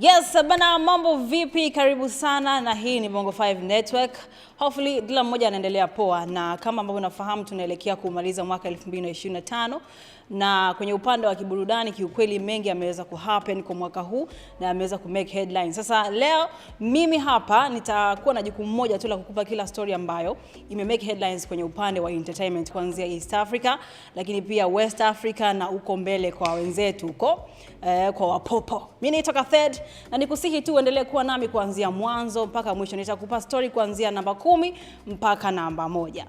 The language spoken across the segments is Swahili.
Yes, bana mambo vipi? Karibu sana na hii ni Bongo 5 Network. Hopefully kila mmoja anaendelea poa na kama ambavyo unafahamu tunaelekea kumaliza mwaka 2025 na kwenye upande wa kiburudani, kiukweli mengi yameweza happen kwa mwaka huu na yameweza ku make headlines. Sasa leo mimi hapa nitakuwa na jukumu moja tu la kukupa kila story ambayo ime make headlines kwenye upande wa entertainment kuanzia East Africa, lakini pia West Africa na uko mbele kwa wenzetu huko eh, kwa wapopo. Mimi nitoka third na nikusihi tu uendelee kuwa nami kuanzia mwanzo mpaka mwisho. Nitakupa story kuanzia namba kumi mpaka namba moja.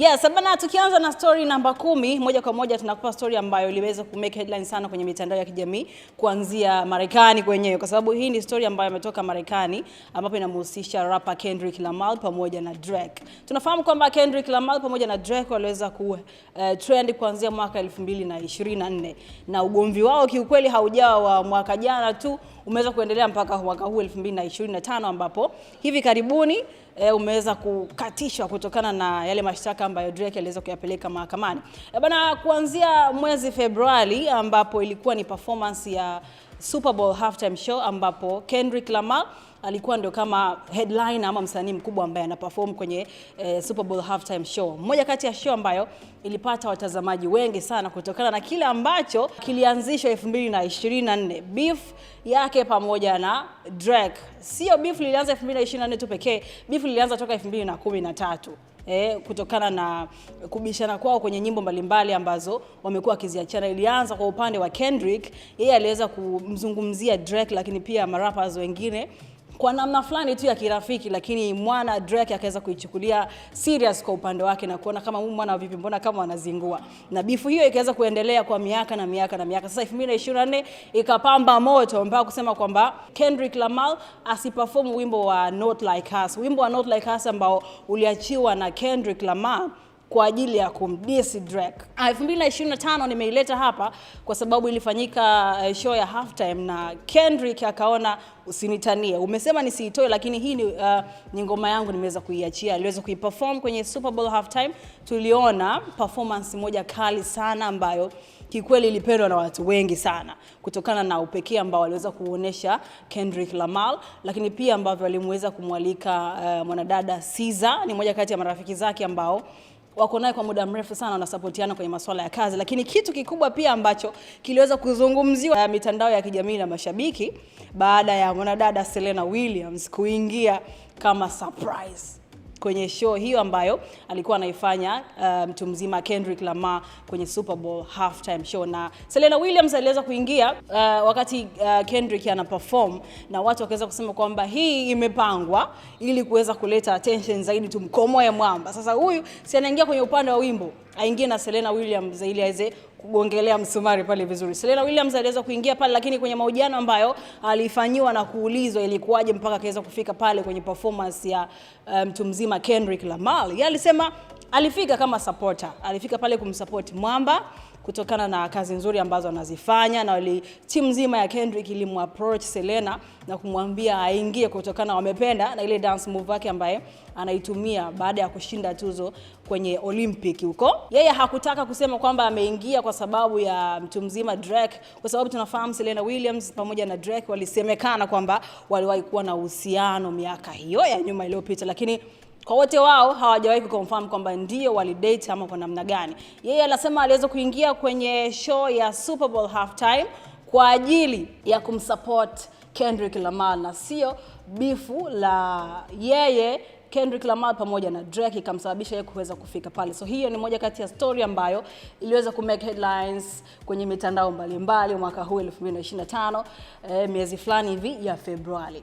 Yes, bana tukianza na story namba kumi moja kwa moja tunakupa story ambayo iliweza kumake headline sana kwenye mitandao ya kijamii kuanzia Marekani kwenyewe, kwa sababu hii ni story ambayo imetoka Marekani ambapo inamhusisha rapper Kendrick Lamar pamoja na Drake. Tunafahamu kwamba Kendrick Lamar pamoja na Drake waliweza ku uh, trend kuanzia mwaka 2024 na ugomvi wao kiukweli haujawa wa mwaka jana tu, umeweza kuendelea mpaka mwaka huu 2025 ambapo hivi karibuni e, umeweza kukatishwa kutokana na yale mashtaka ambayo Drake aliweza kuyapeleka mahakamani. E, bana kuanzia mwezi Februari ambapo ilikuwa ni performance ya Super Bowl halftime show ambapo Kendrick Lamar alikuwa ndio kama headline ama msanii mkubwa ambaye anaperform kwenye eh, Super Bowl halftime show, mmoja kati ya show ambayo ilipata watazamaji wengi sana kutokana na kile ambacho kilianzishwa 2024 beef yake pamoja na Drake. Sio beef lilianza 2024 tu pekee, beef lilianza toka 2013. E, eh, kutokana na kubishana kwao kwenye nyimbo mbalimbali ambazo wamekuwa wakiziachana. Ilianza kwa upande wa Kendrick, yeye aliweza kumzungumzia Drake, lakini pia marappers wengine kwa namna fulani tu ya kirafiki, lakini mwana Drake akaweza kuichukulia serious kwa upande wake na kuona kama huyu mwana vipi, mbona kama wanazingua, na bifu hiyo ikaweza kuendelea kwa miaka na miaka na miaka. Sasa 2024 ikapamba moto mpaka kusema kwamba Kendrick Lamar asiperform wimbo wa Not Like Us, wimbo wa Not Like Us ambao uliachiwa na Kendrick Lamar kwa ajili ya kumdisi Drake. 2025 ah, nimeileta hapa kwa sababu ilifanyika eh, show ya halftime na Kendrick akaona usinitanie. Umesema nisiitoe lakini hii ni, uh, ni ngoma yangu nimeweza kuiachia. Aliweza kuiperform kwenye Super Bowl halftime. Tuliona performance moja kali sana ambayo kikweli ilipendwa na watu wengi sana kutokana na upekee ambao aliweza kuonesha Kendrick Lamar, lakini pia ambavyo alimweza kumwalika uh, mwanadada Siza, ni moja kati ya marafiki zake ambao wako naye kwa muda mrefu sana, wanasapotiana kwenye masuala ya kazi. Lakini kitu kikubwa pia ambacho kiliweza kuzungumziwa ya mitandao ya kijamii na mashabiki baada ya mwanadada Serena Williams kuingia kama surprise kwenye show hiyo ambayo alikuwa anaifanya uh, mtu um, mzima Kendrick Lamar kwenye Super Bowl halftime show, na selena Williams aliweza kuingia uh, wakati uh, Kendrick ana perform na watu wakaweza kusema kwamba hii imepangwa ili kuweza kuleta attention zaidi, tumkomoe mwamba. Sasa huyu si anaingia kwenye upande wa wimbo aingie na Serena Williams ili aweze kugongelea msumari pale vizuri. Serena Williams aliweza kuingia pale, lakini kwenye mahojiano ambayo alifanyiwa na kuulizwa ilikuwaje mpaka akaweza kufika pale kwenye performance ya eh, mtu um, mzima Kendrick Lamar, yeye alisema alifika kama supporter, alifika pale kumsupport Mwamba kutokana na kazi nzuri ambazo anazifanya, na wali, timu nzima ya Kendrick ilimapproach Selena na kumwambia aingie kutokana wamependa na ile dance move yake ambaye anaitumia baada ya kushinda tuzo kwenye Olympic huko. Yeye hakutaka kusema kwamba ameingia kwa sababu ya mtu mzima Drake, kwa sababu tunafahamu Selena Williams pamoja na Drake walisemekana kwamba waliwahi kuwa na uhusiano miaka hiyo ya nyuma iliyopita, lakini kwa wote wao hawajawahi kuconfirm kwamba ndio walidate ama kwa namna gani. Yeye anasema aliweza kuingia kwenye show ya Super Bowl halftime kwa ajili ya kumsupport Kendrick Lamar na sio bifu la yeye Kendrick Lamar pamoja na Drake ikamsababisha yeye kuweza kufika pale. So hiyo ni moja kati ya story ambayo iliweza ku make headlines kwenye mitandao mbalimbali mwaka huu 2025 eh, miezi fulani hivi ya Februari.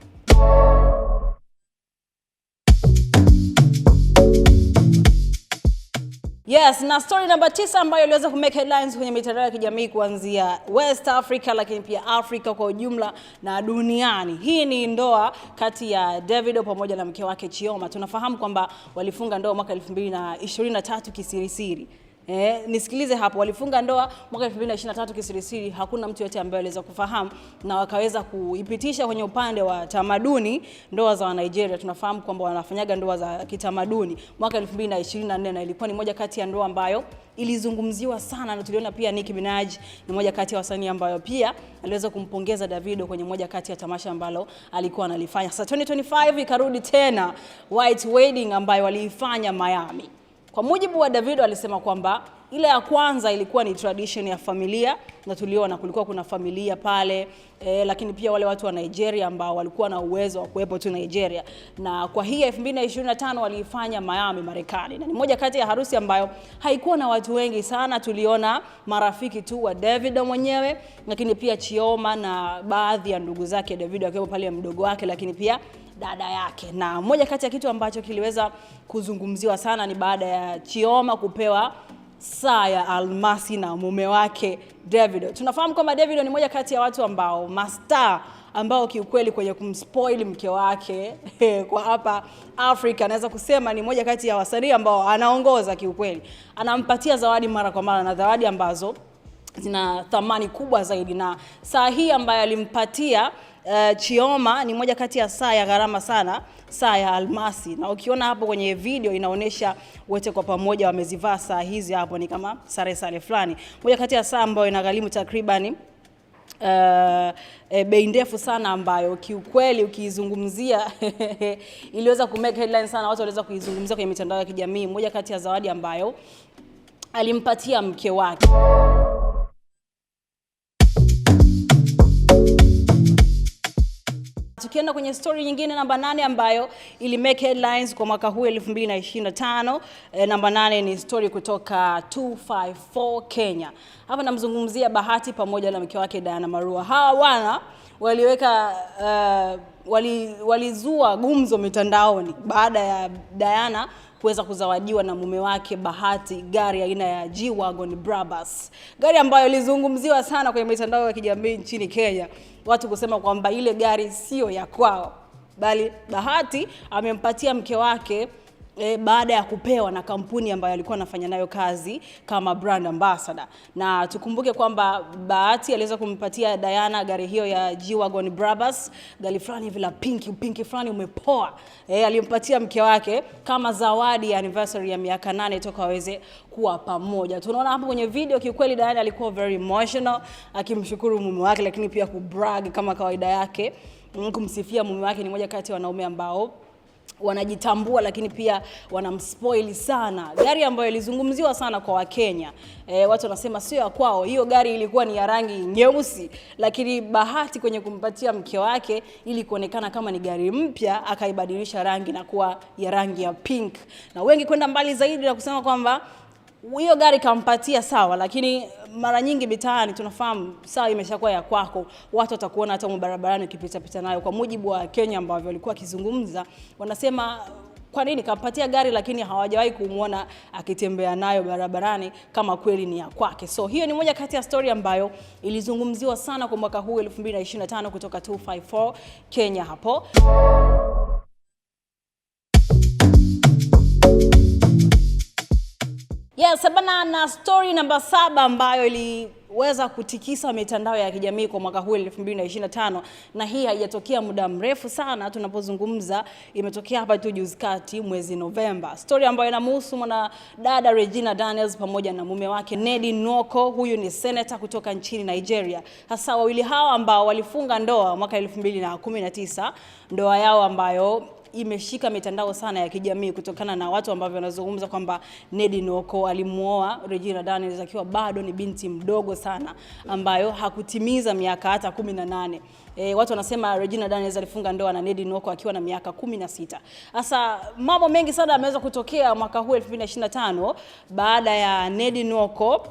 Yes, na story namba tisa ambayo iliweza kumake headlines kwenye mitandao ya kijamii kuanzia West Africa lakini pia africa kwa ujumla na duniani. Hii ni ndoa kati ya Davido pamoja na mke wake Chioma. Tunafahamu kwamba walifunga ndoa mwaka 2023 kisirisiri. Eh, nisikilize hapo, walifunga ndoa mwaka 2023 kisirisiri, hakuna mtu yote ambaye aliweza kufahamu na wakaweza kuipitisha kwenye upande wa tamaduni. Ndoa za Nigeria tunafahamu kwamba wanafanyaga ndoa za kitamaduni mwaka 2024 na ilikuwa ni moja kati ya ndoa ambayo ilizungumziwa sana na tuliona pia Nicki Minaj ni moja kati ya wasanii ambayo pia aliweza kumpongeza Davido kwenye moja kati ya tamasha ambalo alikuwa analifanya. Sasa 2025 ikarudi tena White Wedding ambayo waliifanya Miami. Kwa mujibu wa Davido alisema kwamba ile ya kwanza ilikuwa ni tradition ya familia na tuliona kulikuwa kuna familia pale e, lakini pia wale watu wa Nigeria ambao walikuwa na uwezo wa kuwepo tu Nigeria, na kwa hii 2025 waliifanya Miami, Marekani, na ni moja kati ya harusi ambayo haikuwa na watu wengi sana. Tuliona marafiki tu wa Davido mwenyewe, lakini pia Chioma na baadhi ya ndugu zake Davido akiwepo pale, mdogo wake, lakini pia dada yake, na moja kati ya kitu ambacho kiliweza kuzungumziwa sana ni baada ya Chioma kupewa saa ya almasi na mume wake Davido. Tunafahamu kwamba Davido ni moja kati ya watu ambao mastaa ambao kiukweli kwenye kumspoil mke wake kwa hapa Afrika anaweza kusema ni moja kati ya wasanii ambao anaongoza kiukweli. Anampatia zawadi mara kwa mara na zawadi ambazo zina thamani kubwa zaidi, na saa hii ambayo alimpatia Eh, Chioma ni moja kati ya saa ya gharama sana, saa ya almasi, na ukiona hapo kwenye video inaonyesha wote kwa pamoja wamezivaa saa hizi, hapo ni kama sare sare fulani, moja kati ya saa ambayo inagharimu takriban Uh, e, bei ndefu sana ambayo kiukweli ukiizungumzia iliweza make headline sana, watu waliweza kuizungumzia kwenye mitandao ya kijamii. Moja kati ya zawadi ambayo alimpatia mke wake tukienda kwenye story nyingine namba nane ambayo ili make headlines kwa mwaka huu 2025. E, eh, namba nane ni story kutoka 254 Kenya. Hapa namzungumzia Bahati pamoja na mke wake Diana Marua. Hawa wana waliweka uh, walizua wali gumzo mitandaoni baada ya Diana kuweza kuzawadiwa na mume wake Bahati gari aina ya G-Wagon Brabus, gari ambayo ilizungumziwa sana kwenye mitandao ya kijamii nchini Kenya, watu kusema kwamba ile gari siyo ya kwao, bali Bahati amempatia mke wake E, baada ya kupewa na kampuni ambayo alikuwa anafanya nayo kazi kama brand ambassador, na tukumbuke kwamba Bahati aliweza kumpatia Diana gari hiyo ya G-Wagon Brabus, gari fulani hivi la pinki pinki fulani umepoa. E, alimpatia mke wake kama zawadi ya anniversary ya miaka nane toka waweze kuwa pamoja. Tunaona hapo kwenye video, kiukweli Diana alikuwa very emotional akimshukuru mume wake, lakini pia kubrag kama kawaida yake, kumsifia mume wake. Ni moja kati ya wanaume ambao wanajitambua lakini pia wanamspoil sana. Gari ambayo ilizungumziwa sana kwa Wakenya e, watu wanasema sio ya kwao. Hiyo gari ilikuwa ni ya rangi nyeusi, lakini Bahati kwenye kumpatia mke wake ili kuonekana kama ni gari mpya, akaibadilisha rangi na kuwa ya rangi ya pink, na wengi kwenda mbali zaidi na kusema kwamba hiyo gari kampatia sawa, lakini mara nyingi mitaani tunafahamu saa imeshakuwa ya kwako, watu watakuona hata barabarani ukipita pita nayo. Kwa mujibu wa Kenya ambavyo walikuwa wakizungumza, wanasema kwa nini kampatia gari lakini hawajawahi kumwona akitembea nayo barabarani kama kweli ni ya kwake. So hiyo ni moja kati ya story ambayo ilizungumziwa sana kwa mwaka huu 2025 kutoka 254 Kenya hapo Yes, bana na story namba saba ambayo iliweza kutikisa mitandao ya kijamii kwa mwaka huu 2025 na hii haijatokea muda mrefu sana, tunapozungumza imetokea hapa tu juzi kati mwezi Novemba, story ambayo inamhusu mwanadada Regina Daniels pamoja na mume wake Nedi Nwoko. Huyu ni senator kutoka nchini Nigeria, hasa wawili hawa ambao walifunga ndoa mwaka 2019 ndoa yao ambayo imeshika mitandao sana ya kijamii kutokana na watu ambao wanazungumza kwamba Nedi Nwoko alimuoa Regina Daniels akiwa bado ni binti mdogo sana ambayo hakutimiza miaka hata 18. E, watu wanasema Regina Daniels alifunga ndoa na Nedi Nwoko akiwa na miaka 16. Sasa mambo mengi sana yameweza kutokea mwaka huu 2025 baada ya Nedi Nwoko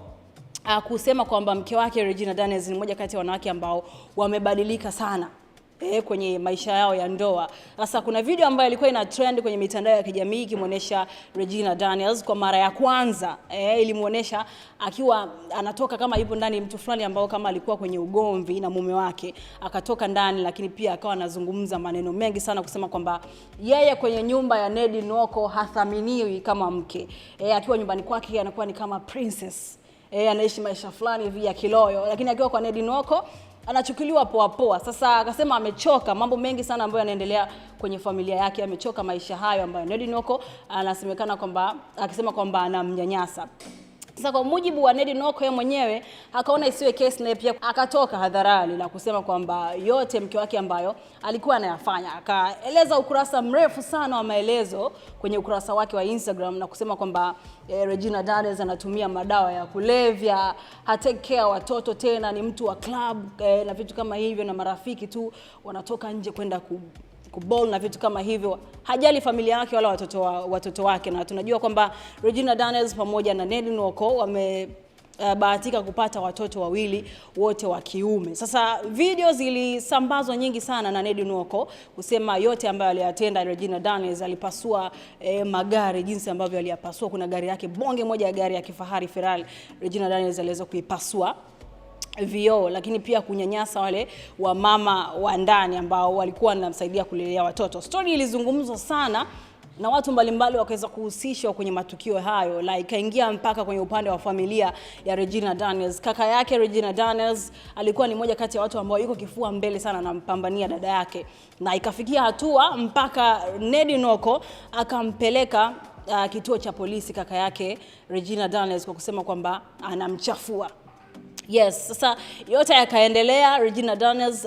ah, kusema kwamba mke wake Regina Daniels ni mmoja kati ya wanawake ambao wamebadilika sana eh, kwenye maisha yao ya ndoa. Sasa kuna video ambayo ilikuwa ina trend kwenye mitandao ya kijamii ikimuonesha Regina Daniels kwa mara ya kwanza eh, ilimuonesha akiwa anatoka kama yupo ndani mtu fulani ambao kama alikuwa kwenye ugomvi na mume wake, akatoka ndani, lakini pia akawa anazungumza maneno mengi sana kusema kwamba yeye kwenye nyumba ya Ned Nwoko hathaminiwi kama mke eh, akiwa nyumbani kwake anakuwa ni kama princess eh, anaishi maisha fulani hivi ya kiloyo, lakini akiwa kwa Ned Nwoko anachukuliwa poa poa. Sasa akasema amechoka mambo mengi sana ambayo yanaendelea kwenye familia yake, amechoka maisha hayo ambayo Nedinoko anasemekana kwamba akisema kwamba anamnyanyasa. Sasa kwa mujibu wa Ned Noko yeye mwenyewe akaona isiwe case, naye pia akatoka hadharani na kusema kwamba yote mke wake ambayo alikuwa anayafanya. Akaeleza ukurasa mrefu sana wa maelezo kwenye ukurasa wake wa Instagram na kusema kwamba eh, Regina Daniels anatumia madawa ya kulevya, hatekea watoto tena, ni mtu wa club eh, na vitu kama hivyo, na marafiki tu wanatoka nje kwenda ku kubol na vitu kama hivyo, hajali familia yake wala watoto, wa, watoto wake. Na tunajua kwamba Regina Daniels pamoja na Nelly Nwoko wame Uh, bahatika kupata watoto wawili wote wa kiume. Sasa video zilisambazwa nyingi sana na Nelly Nwoko kusema yote ambayo aliyatenda Regina Daniels, alipasua eh, magari jinsi ambavyo aliyapasua. Kuna gari yake bonge moja ya gari ya kifahari Ferrari Regina Daniels aliweza kuipasua vioo lakini pia kunyanyasa wale wa mama wa ndani ambao walikuwa wanamsaidia kulelea watoto. Stori ilizungumzwa sana na watu mbalimbali wakaweza kuhusishwa kwenye matukio hayo na ikaingia mpaka kwenye upande wa familia ya Regina Daniels. Kaka yake Regina Daniels alikuwa ni moja kati ya watu ambao yuko kifua mbele sana na mpambania dada yake, na ikafikia hatua mpaka Nedi Noko akampeleka uh, kituo cha polisi kaka yake Regina Daniels kwa kusema kwamba anamchafua. Yes, sasa yote yakaendelea. Regina Daniels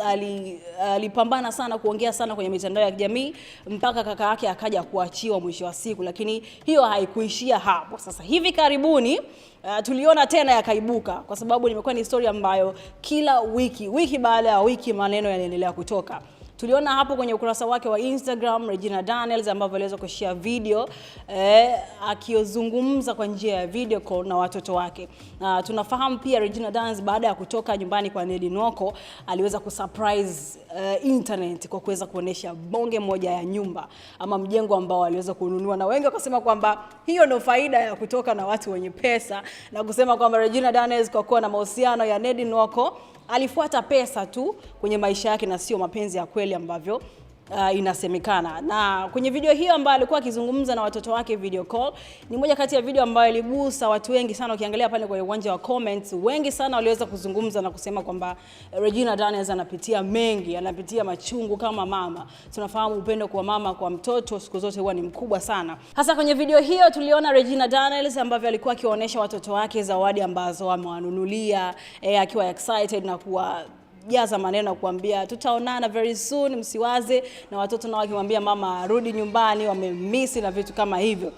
alipambana ali sana kuongea sana kwenye mitandao ya kijamii mpaka kaka yake akaja kuachiwa mwisho wa siku, lakini hiyo haikuishia hapo. Sasa hivi karibuni Uh, tuliona tena yakaibuka kwa sababu nimekuwa ni historia ambayo kila wiki wiki baada ya wiki maneno yanaendelea kutoka. Tuliona hapo kwenye ukurasa wake wa Instagram Regina Daniels ambapo aliweza kushare video eh, akiozungumza kwa njia ya video call na watoto wake. Na tunafahamu pia Regina Daniels baada ya kutoka nyumbani kwa Nedi Noko aliweza kusurprise eh, internet kwa kuweza kuonesha bonge moja ya nyumba ama mjengo ambao aliweza kununua, na wengi wakasema kwamba hiyo ndio faida ya kutoka na watu wenye pesa na kusema kwamba Regina Daniels kwa kuwa na mahusiano ya Nedi Noko alifuata pesa tu kwenye maisha yake na sio mapenzi ya kweli ambavyo Uh, inasemekana na kwenye video hiyo ambayo alikuwa akizungumza na watoto wake video call, ni moja kati ya video ambayo iligusa watu wengi sana. Ukiangalia pale kwenye uwanja wa comments, wengi sana waliweza kuzungumza na kusema kwamba Regina Daniels anapitia mengi, anapitia machungu kama mama. Tunafahamu upendo kwa mama kwa mtoto siku zote huwa ni mkubwa sana. Hasa kwenye video hiyo tuliona Regina Daniels ambavyo alikuwa akiwaonyesha watoto wake zawadi ambazo amewanunulia, eh, akiwa excited na kuwa jaza maneno ya kuambia tutaonana very soon, msiwaze. Na watoto nao wakimwambia mama arudi nyumbani, wamemisi na vitu kama hivyo,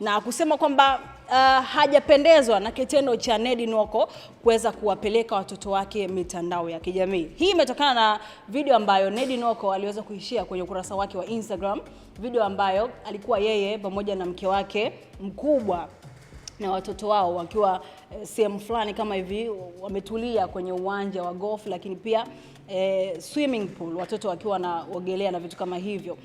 na kusema kwamba uh, hajapendezwa na kitendo cha Nedi Nwoko kuweza kuwapeleka watoto wake mitandao ya kijamii. Hii imetokana na video ambayo Nedi Nwoko aliweza kuishia kwenye ukurasa wake wa Instagram, video ambayo alikuwa yeye pamoja na mke wake mkubwa na watoto wao wakiwa eh, sehemu fulani kama hivi wametulia kwenye uwanja wa golf, lakini pia eh, swimming pool, watoto wakiwa wanaogelea na vitu kama hivyo.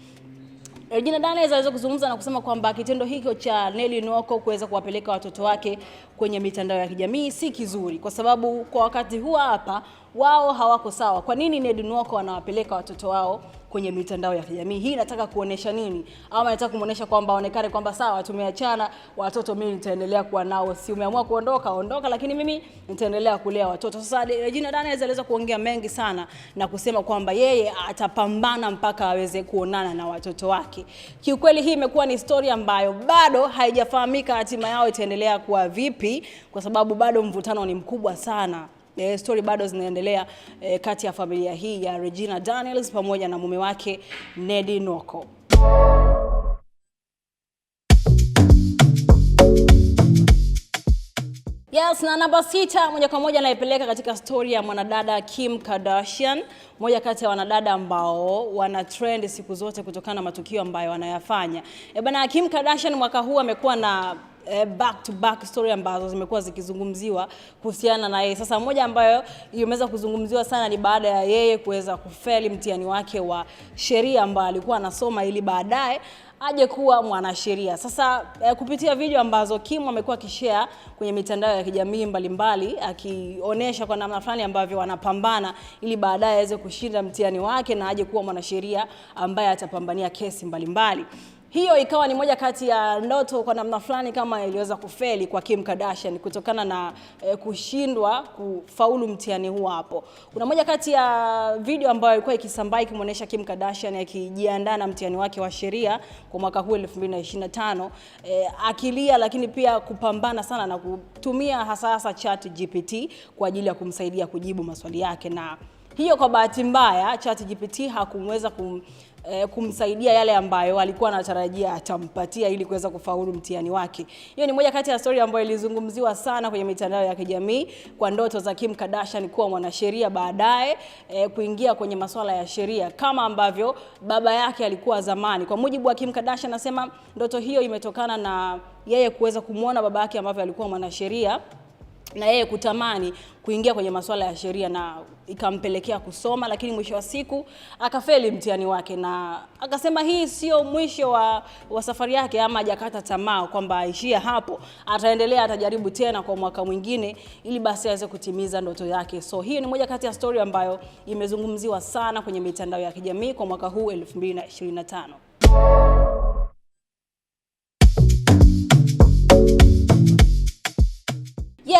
Regina Daniels aliweza kuzungumza na kusema kwamba kitendo hicho cha Nelly Nwoko kuweza kuwapeleka watoto wake kwenye mitandao ya kijamii si kizuri, kwa sababu kwa wakati huu hapa wao hawako sawa. Kwa nini Ned Nwoko wanawapeleka watoto wao kwenye mitandao ya kijamii? Hii nataka kuonesha nini? Ama nataka kumuonesha kwamba aonekane kwamba sawa, tumeachana, watoto mimi nitaendelea kuwa nao. Si umeamua kuondoka, ondoka, lakini mimi nitaendelea kulea watoto. Sasa Regina Daniels aliweza kuongea mengi sana na kusema kwamba yeye atapambana mpaka aweze kuonana na watoto wake. Kiukweli hii imekuwa ni story ambayo bado haijafahamika hatima yao itaendelea kuwa vipi, kwa sababu bado mvutano ni mkubwa sana eh, stori bado zinaendelea eh, kati ya familia hii ya Regina Daniels pamoja na mume wake Nedi Nwoko. Yes, na namba sita moja kwa moja naipeleka katika stori ya mwanadada Kim Kardashian, moja kati ya wanadada ambao wana trend siku zote kutokana na matukio ambayo wanayafanya. E, bana Kim Kardashian mwaka huu amekuwa na eh, back to back story ambazo zimekuwa zikizungumziwa kuhusiana na yeye. Sasa moja ambayo imeweza kuzungumziwa sana ni baada ya yeye kuweza kufeli mtihani wake wa sheria ambao alikuwa anasoma ili baadaye aje kuwa mwanasheria. Sasa eh, kupitia video ambazo Kim amekuwa akishare kwenye mitandao ya kijamii mbalimbali akionyesha kwa namna fulani ambavyo wanapambana ili baadaye aweze kushinda mtihani wake na aje kuwa mwanasheria ambaye atapambania kesi mbalimbali mbali hiyo ikawa ni moja kati ya ndoto kwa namna fulani kama iliweza kufeli kwa Kim Kardashian kutokana na eh, kushindwa kufaulu mtihani huo. Hapo kuna moja kati ya video ambayo ilikuwa ikisambaa ikimuonesha Kim Kardashian akijiandaa na mtihani wake wa sheria kwa mwaka huu 2025 eh, akilia, lakini pia kupambana sana na kutumia hasa hasa Chat GPT kwa ajili ya kumsaidia kujibu maswali yake na hiyo kwa bahati mbaya GPT hakumweza kum, eh, kumsaidia yale ambayo alikuwa anatarajia atampatia ili kuweza kufaulu mtihani wake. Hiyo ni moja kati ya stori ambayo ilizungumziwa sana kwenye mitandao ya kijamii kwa ndoto za Kim Kardashian kuwa mwanasheria baadaye eh, kuingia kwenye masuala ya sheria kama ambavyo baba yake alikuwa zamani. Kwa mujibu wa Kim Kardashian, anasema ndoto hiyo imetokana na yeye kuweza kumwona baba yake ambavyo alikuwa mwanasheria na yeye kutamani kuingia kwenye masuala ya sheria na ikampelekea kusoma, lakini mwisho wa siku akafeli mtihani wake, na akasema hii sio mwisho wa, wa safari yake, ama hajakata tamaa kwamba aishie hapo, ataendelea, atajaribu tena kwa mwaka mwingine ili basi aweze kutimiza ndoto yake. So hiyo ni moja kati ya stori ambayo imezungumziwa sana kwenye mitandao ya kijamii kwa mwaka huu 2025.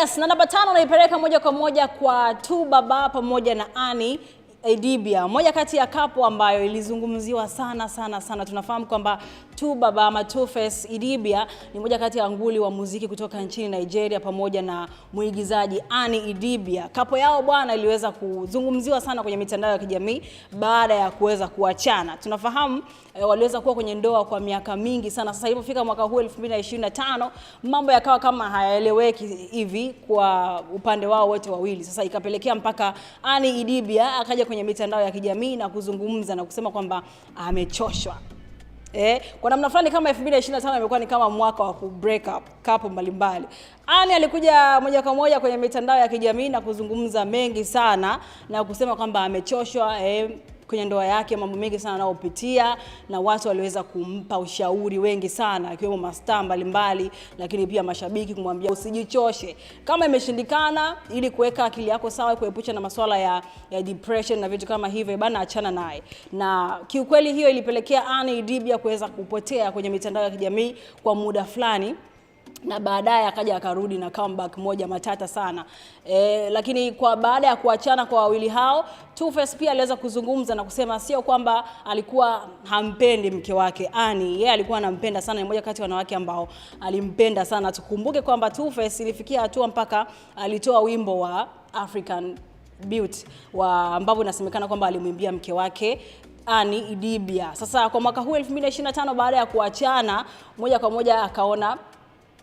Yes, na namba tano naipeleka moja kwa moja kwa Tu Baba pamoja na ani Edibia, moja kati ya kapo ambayo ilizungumziwa sana sana sana. Tunafahamu kwamba Tu Baba ama Tuface Idibia ni moja kati ya nguli wa muziki kutoka nchini Nigeria pamoja na mwigizaji ani Idibia. Kapo yao bwana iliweza kuzungumziwa sana kwenye mitandao ya kijamii baada ya kuweza kuachana. Tunafahamu e, waliweza kuwa kwenye ndoa kwa miaka mingi sana. Sasa ilipofika mwaka huu 2025 mambo yakawa kama hayaeleweki hivi kwa upande wao wote wawili. Sasa ikapelekea mpaka Ani Idibia akaja kwenye mitandao ya kijamii na kuzungumza na kusema kwamba amechoshwa. Eh, kwa namna fulani kama 2025 imekuwa ni kama mwaka wa break up kapo mbalimbali. Ani alikuja moja kwa moja kwenye mitandao ya kijamii na kuzungumza mengi sana na kusema kwamba amechoshwa eh, kwenye ndoa yake, mambo mengi sana anayopitia, na watu waliweza kumpa ushauri wengi sana, akiwemo mastaa mbalimbali, lakini pia mashabiki kumwambia usijichoshe, kama imeshindikana, ili kuweka akili yako sawa, kuepusha na masuala ya, ya depression na vitu kama hivyo bana, achana naye. Na kiukweli hiyo ilipelekea Anne Idibia kuweza kupotea kwenye mitandao ya kijamii kwa muda fulani na baadaye akaja akarudi na comeback moja matata sana e, lakini kwa baada ya kuachana kwa wawili hao Tuface pia aliweza kuzungumza na kusema sio kwamba alikuwa hampendi mke wake Ani, yeye alikuwa anampenda sana, ni mmoja kati ya wanawake ambao alimpenda sana. Tukumbuke kwamba Tuface ilifikia hatua mpaka alitoa wimbo wa African Beauty wa ambapo inasemekana kwamba alimwimbia mke wake Ani Idibia. Sasa kwa mwaka huu 2025 baada ya kuachana moja kwa moja akaona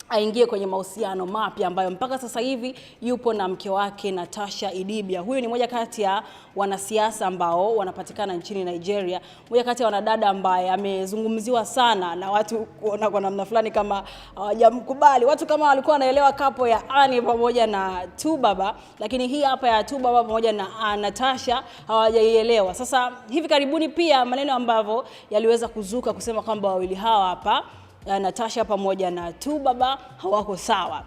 aingie kwenye mahusiano mapya ambayo mpaka sasa hivi yupo na mke wake Natasha Idibia. Huyu ni moja kati ya wanasiasa ambao wanapatikana nchini Nigeria, moja kati ya wanadada ambaye amezungumziwa sana na watu kuona kwa namna fulani kama hawajamkubali. Uh, watu kama walikuwa wanaelewa kapo ya ani pamoja na Tubaba, lakini hii hapa ya Baba pamoja na uh, Natasha hawajaielewa. Sasa hivi karibuni pia maneno ambavyo yaliweza kuzuka kusema kwamba wawili hawa hapa Natasha pamoja na Tu Baba hawako sawa.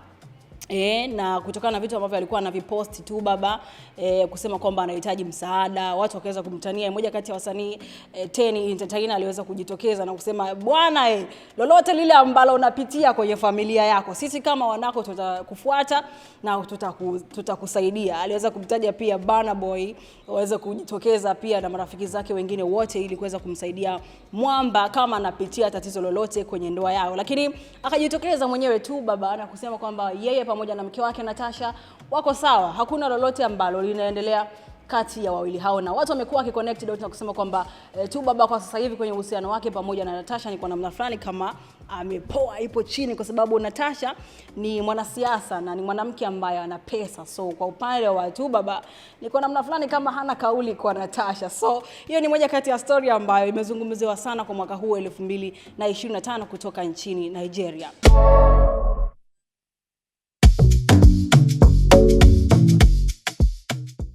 E, na kutokana na vitu ambavyo alikuwa anavipost tu baba e, kusema kwamba anahitaji msaada, watu wakaweza kumtania. Mmoja kati ya wasanii e, Teni Entertainer aliweza kujitokeza na kusema bwana e, lolote lile ambalo unapitia kwenye familia yako, sisi kama wanako tutakufuata na tutakusaidia. Tuta aliweza kumtaja pia Burna Boy waweza kujitokeza pia na marafiki zake wengine wote ili kuweza kumsaidia mwamba kama anapitia tatizo lolote kwenye ndoa yao, lakini akajitokeza mwenyewe tu baba na kusema kwamba yeye pamoja na mke wake Natasha wako sawa, hakuna lolote ambalo linaendelea kati ya wawili hao, na watu wamekuwa wakiconnect dot na kusema kwamba e, tu baba kwa sasa hivi kwenye uhusiano wake pamoja na Natasha ni kwa namna fulani kama amepoa, ipo chini, kwa sababu Natasha ni mwanasiasa na ni mwanamke ambaye ana pesa. So kwa upande wa tu baba ni kwa namna fulani kama hana kauli kwa Natasha. So hiyo ni moja kati ya story ambayo imezungumziwa sana kwa mwaka huu 2025 kutoka nchini Nigeria.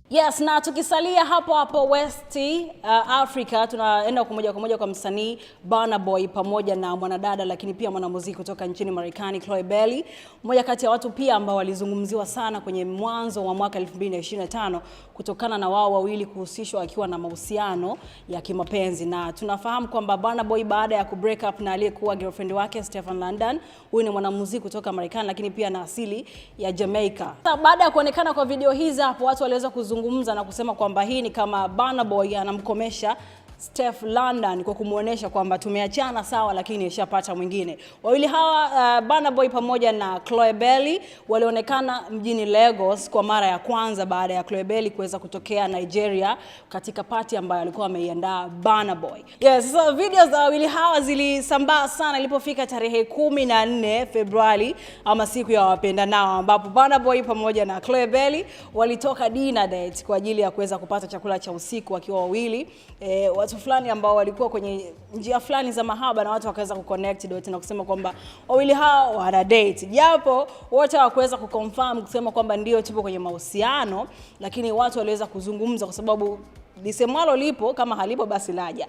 Yes, na tukisalia hapo hapo West uh, Africa tunaenda moja kwa moja kwa msanii Burna Boy pamoja na mwanadada lakini pia mwanamuziki kutoka nchini Marekani Chloe Bailey, mmoja kati ya watu pia ambao walizungumziwa sana kwenye mwanzo wa mwaka 2025 kutokana na wao wawili kuhusishwa akiwa na mahusiano ya kimapenzi, na tunafahamu kwamba Burna Boy baada ya kubreak up na aliyekuwa girlfriend wake Stephen London, huyu ni mwanamuziki kutoka Marekani lakini pia na asili ya Jamaica. Baada ya kuonekana kwa video hizi hapo watu waliweza kuzungumza na kusema kwamba hii ni kama Burna Boy anamkomesha Steph London kwa kumwonyesha kwamba tumeachana sawa, lakini ishapata mwingine. Wawili hawa uh, Burna Boy pamoja na Chloe Belly walionekana mjini Lagos kwa mara ya kwanza baada ya Chloe Belly kuweza kutokea Nigeria katika pati ambayo alikuwa ameiandaa Burna Boy. Yes, so video za wawili hawa zilisambaa sana ilipofika tarehe kumi na nne Februari ama siku ya wapendanao, ambapo Burna Boy pamoja na Chloe Belly walitoka dinner date kwa ajili ya kuweza kupata chakula cha usiku wakiwa wawili eh, watu fulani ambao walikuwa kwenye njia fulani za mahaba na watu wakaweza kuconnect dot na kusema kwamba wawili hao wana date, japo wote hawakuweza kuconfirm kusema kwamba ndio tupo kwenye mahusiano, lakini watu waliweza kuzungumza kwa sababu lisemwalo lipo, kama halipo basi laja.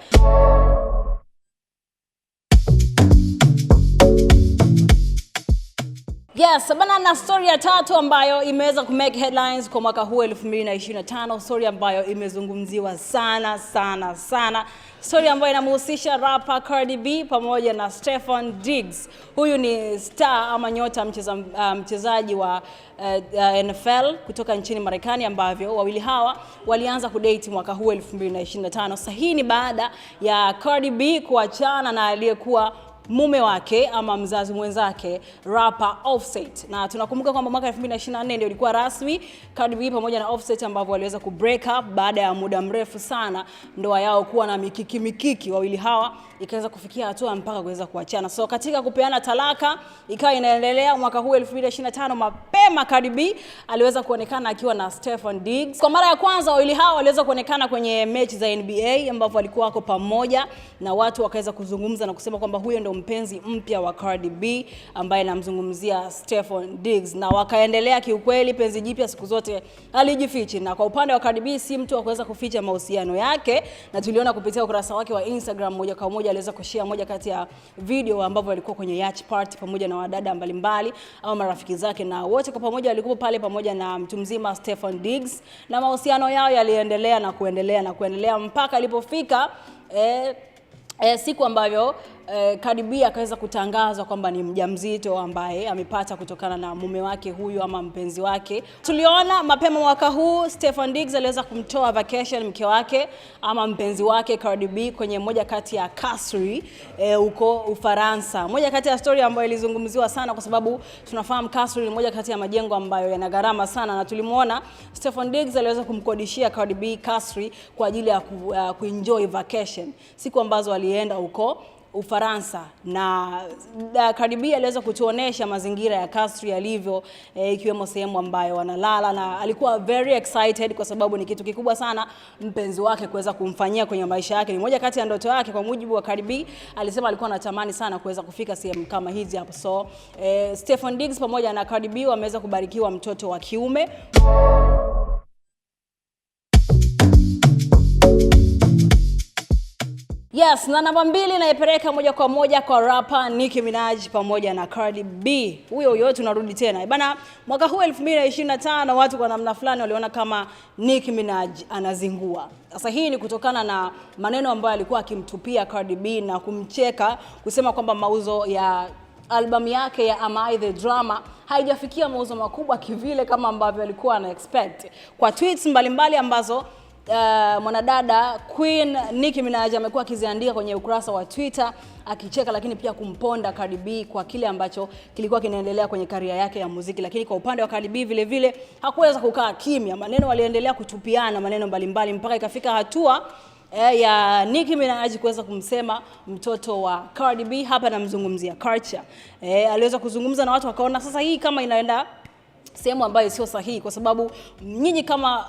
Yes, bana na story ya tatu ambayo imeweza make headlines kwa mwaka huu 2025, story ambayo imezungumziwa sana sana sana, story ambayo inamhusisha rapper Cardi B pamoja na Stefan Diggs. Huyu ni star ama nyota uh, mchezaji wa uh, NFL kutoka nchini Marekani, ambavyo wawili hawa walianza kudate mwaka huu 2025. Sasa hii ni baada ya Cardi B kuachana na aliyekuwa mume wake ama mzazi mwenzake rapper Offset, na tunakumbuka kwamba mwaka 2024 ndio ilikuwa rasmi Cardi B pamoja na Offset ambao waliweza ku break up baada ya muda mrefu sana ndoa yao kuwa na mikiki mikiki. Wawili hawa ikaweza kufikia hatua mpaka kuweza kuachana. So katika kupeana talaka ikawa inaendelea mwaka huu 2025, mapema Cardi aliweza kuonekana akiwa na Stefan Diggs. Kwa mara ya kwanza wawili hao waliweza kuonekana kwenye mechi za NBA ambapo walikuwa wako pamoja na watu wakaweza kuzungumza na kusema kwamba huyo ndo mpenzi mpya wa Cardi B ambaye namzungumzia Stefan Diggs, na wakaendelea kiukweli, penzi jipya siku zote alijifichi, na kwa upande wa Cardi B si mtu wa kuweza kuficha mahusiano yake, na tuliona kupitia ukurasa wake wa Instagram moja kwa moja mmoja aliweza kushare moja kati ya video ambavyo alikuwa kwenye yacht party pamoja na wadada mbalimbali au marafiki zake, na wote kwa pamoja walikuwa pale pamoja na mtu mzima Stefan Diggs, na mahusiano yao yaliendelea na kuendelea na kuendelea mpaka alipofika eh, eh, siku ambavyo eh, Cardi B akaweza kutangazwa kwamba ni mjamzito ambaye amepata kutokana na mume wake huyu ama mpenzi wake. Tuliona mapema mwaka huu Stefan Diggs aliweza kumtoa vacation mke wake ama mpenzi wake Cardi B kwenye moja kati ya kasri eh, huko eh, Ufaransa. Moja kati ya story ambayo ilizungumziwa sana kwa sababu tunafahamu kasri ni moja kati ya majengo ambayo yana gharama sana na tulimuona Stefan Diggs aliweza kumkodishia Cardi B kasri kwa ajili ya ku, uh, kuenjoy vacation siku ambazo alienda huko Ufaransa na karibia eh, aliweza kutuonesha mazingira ya kasri yalivyo, e, ikiwemo sehemu ambayo wanalala, na alikuwa very excited kwa sababu ni kitu kikubwa sana mpenzi wake kuweza kumfanyia kwenye maisha yake. Ni moja kati ya ndoto yake. Kwa mujibu wa Cardi B, alisema alikuwa anatamani sana kuweza kufika sehemu kama hizi hapo. So, e, eh, Stefan Diggs pamoja na Cardi B wameweza kubarikiwa mtoto wa kiume Yes, na namba mbili naipeleka moja kwa moja kwa rapa Nicki Minaj pamoja na Cardi B. Huyo huyo tunarudi tena. Bana, mwaka huu 2025 watu kwa namna fulani waliona kama Nicki Minaj anazingua. Sasa hii ni kutokana na maneno ambayo alikuwa akimtupia Cardi B na kumcheka kusema kwamba mauzo ya albamu yake ya Am I The Drama haijafikia mauzo makubwa kivile kama ambavyo alikuwa anaexpect expect. Kwa tweets mbalimbali mbali ambazo uh, mwanadada Queen Nicki Minaj amekuwa akiziandika kwenye ukurasa wa Twitter akicheka, lakini pia kumponda Cardi B kwa kile ambacho kilikuwa kinaendelea kwenye karia yake ya muziki. Lakini kwa upande wa Cardi B vile vile hakuweza kukaa kimya, maneno waliendelea kutupiana maneno mbalimbali mpaka ikafika hatua eh, ya Nicki Minaj kuweza kumsema mtoto wa Cardi B. Hapa namzungumzia Karcha. Eh, aliweza kuzungumza na watu wakaona sasa hii kama inaenda sehemu ambayo sio sahihi, kwa sababu nyinyi kama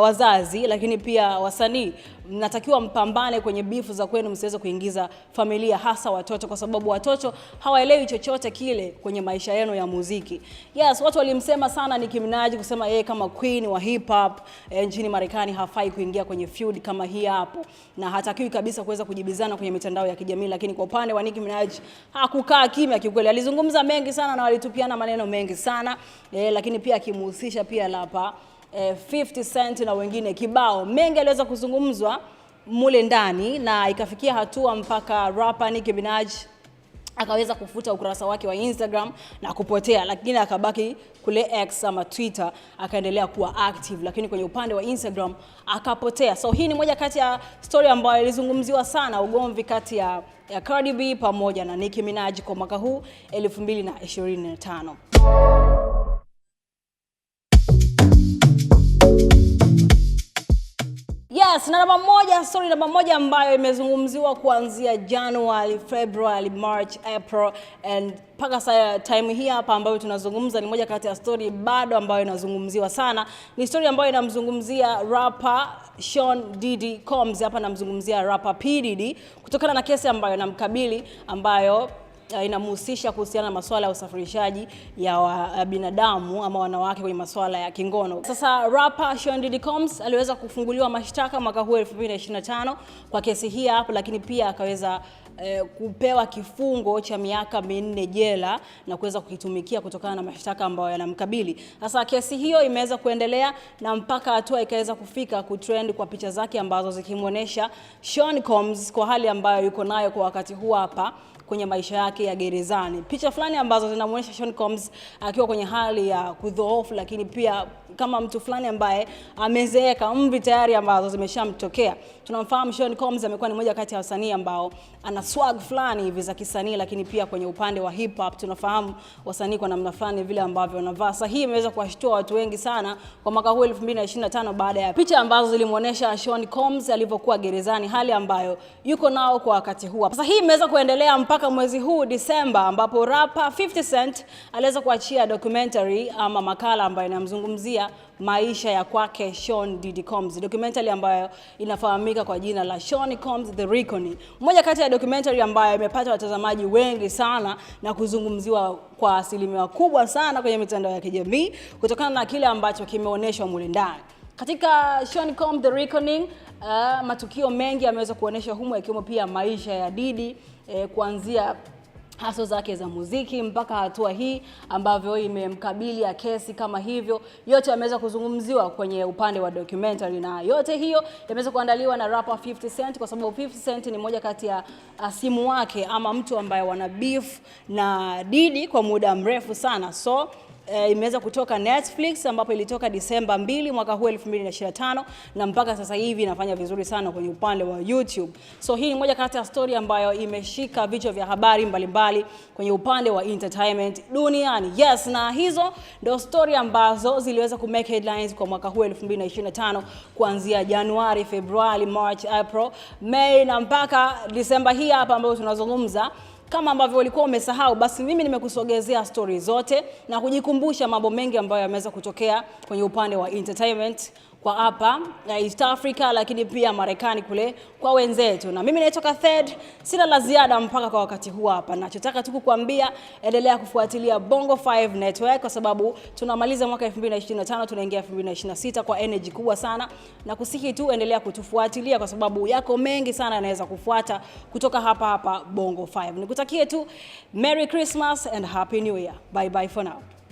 wazazi, lakini pia wasanii mnatakiwa mpambane kwenye bifu za kwenu, msiweze kuingiza familia, hasa watoto, kwa sababu watoto hawaelewi chochote kile kwenye maisha yenu ya muziki. Yes, watu walimsema sana Nicki Minaj kusema yeye kama queen wa hip hop e, nchini Marekani hafai kuingia kwenye feud kama hii hapo, na hatakiwi kabisa kuweza kujibizana kwenye mitandao ya kijamii, lakini kwa upande wa Nicki Minaj hakukaa kimya kiukweli, alizungumza mengi sana na walitupiana maneno mengi sana e, lakini pia akimhusisha pia Lapa eh, 50 Cent na wengine kibao. Mengi aliweza kuzungumzwa mule ndani na ikafikia hatua mpaka rapa Nicki Minaj akaweza kufuta ukurasa wake wa Instagram na kupotea, lakini akabaki kule X ama Twitter akaendelea kuwa active, lakini kwenye upande wa Instagram akapotea. So hii ni moja kati ya story ambayo ilizungumziwa sana, ugomvi kati ya, ya Cardi B pamoja na Nicki Minaj kwa mwaka huu 2025. Yes, na namba moja, sorry, namba moja ambayo imezungumziwa kuanzia Januari, February, March, April and mpaka saa time hii hapa ambayo tunazungumza ni moja kati ya story bado ambayo inazungumziwa sana. Ni story ambayo inamzungumzia rapper Sean Diddy Combs, hapa namzungumzia rapper P Diddy kutokana na kesi ambayo namkabili ambayo Eh, inamhusisha kuhusiana na masuala ya usafirishaji ya wa eh, binadamu ama wanawake kwenye masuala ya kingono. Sasa rapper Sean Diddy Combs aliweza kufunguliwa mashtaka mwaka huu 2025 kwa kesi hii hapo, lakini pia akaweza eh, kupewa kifungo cha miaka minne jela na kuweza kukitumikia kutokana na mashtaka ambayo yanamkabili. Sasa kesi hiyo imeweza kuendelea na mpaka hatua ikaweza kufika kutrend kwa picha zake ambazo zikimuonesha Sean Combs kwa hali ambayo yuko nayo kwa wakati huu hapa kwenye maisha yake ya gerezani, picha fulani ambazo zinamuonyesha Sean Combs akiwa kwenye hali ya kudhoofu, lakini pia kama mtu fulani ambaye amezeeka, mvi tayari ambazo zimeshamtokea tunamfahamu Sean Combs amekuwa ni mmoja kati ya wasanii ambao ana swag fulani hivi za kisanii, lakini pia kwenye upande wa hip hop tunafahamu wasanii kwa namna fulani vile ambavyo wanavaa. Sasa hii imeweza kuwashtua watu wengi sana kwa mwaka huu 2025 baada ya picha ambazo zilimuonesha Sean Combs alivyokuwa gerezani, hali ambayo yuko nao kwa wakati huu. Sasa hii imeweza kuendelea mpaka mwezi huu Disemba, ambapo rapa 50 Cent aliweza kuachia documentary ama makala ambayo inamzungumzia maisha ya kwake Sean Diddy Combs, documentary ambayo inafahamika kwa jina la Sean Combs The Reckoning, Moja kati ya documentary ambayo imepata watazamaji wengi sana na kuzungumziwa kwa asilimia kubwa sana kwenye mitandao ya kijamii kutokana na kile ambacho kimeonyeshwa mule ndani. Katika Sean Combs The Reckoning uh, matukio mengi yameweza kuonyeshwa humo, yakiwemo pia maisha ya Diddy eh, kuanzia haso zake za muziki mpaka hatua hii ambavyo imemkabili ya kesi kama hivyo, yote yameweza kuzungumziwa kwenye upande wa documentary, na yote hiyo yameweza kuandaliwa na rapper 50 Cent, kwa sababu 50 Cent ni moja kati ya uh, simu wake ama mtu ambaye wana beef na Didi kwa muda mrefu sana so e, imeweza kutoka Netflix ambapo ilitoka Disemba 2 mwaka huu 2025 na mpaka sasa hivi inafanya vizuri sana kwenye upande wa YouTube. So hii ni moja kati ya story ambayo imeshika vichwa vya habari mbalimbali mbali kwenye upande wa entertainment duniani. Yes, na hizo ndio story ambazo ziliweza ku make headlines kwa mwaka huu 2025 kuanzia Januari, Februari, March, April, May na mpaka Disemba hii hapa ambayo tunazungumza kama ambavyo ulikuwa umesahau, basi mimi nimekusogezea stori zote na kujikumbusha mambo mengi ambayo yameweza kutokea kwenye upande wa entertainment kwa hapa eh, East Africa, lakini pia Marekani kule kwa wenzetu. Na mimi naitoka Third, sina la ziada mpaka kwa wakati huu hapa. Nachotaka tu kukuambia, endelea kufuatilia Bongo 5 Network kwa sababu tunamaliza mwaka 2025 tunaingia 2026 kwa energy kubwa sana, na kusihi tu endelea kutufuatilia kwa sababu yako mengi sana yanaweza kufuata kutoka hapa hapa Bongo 5. Nikutakie tu Merry Christmas and Happy New Year. Bye bye for now.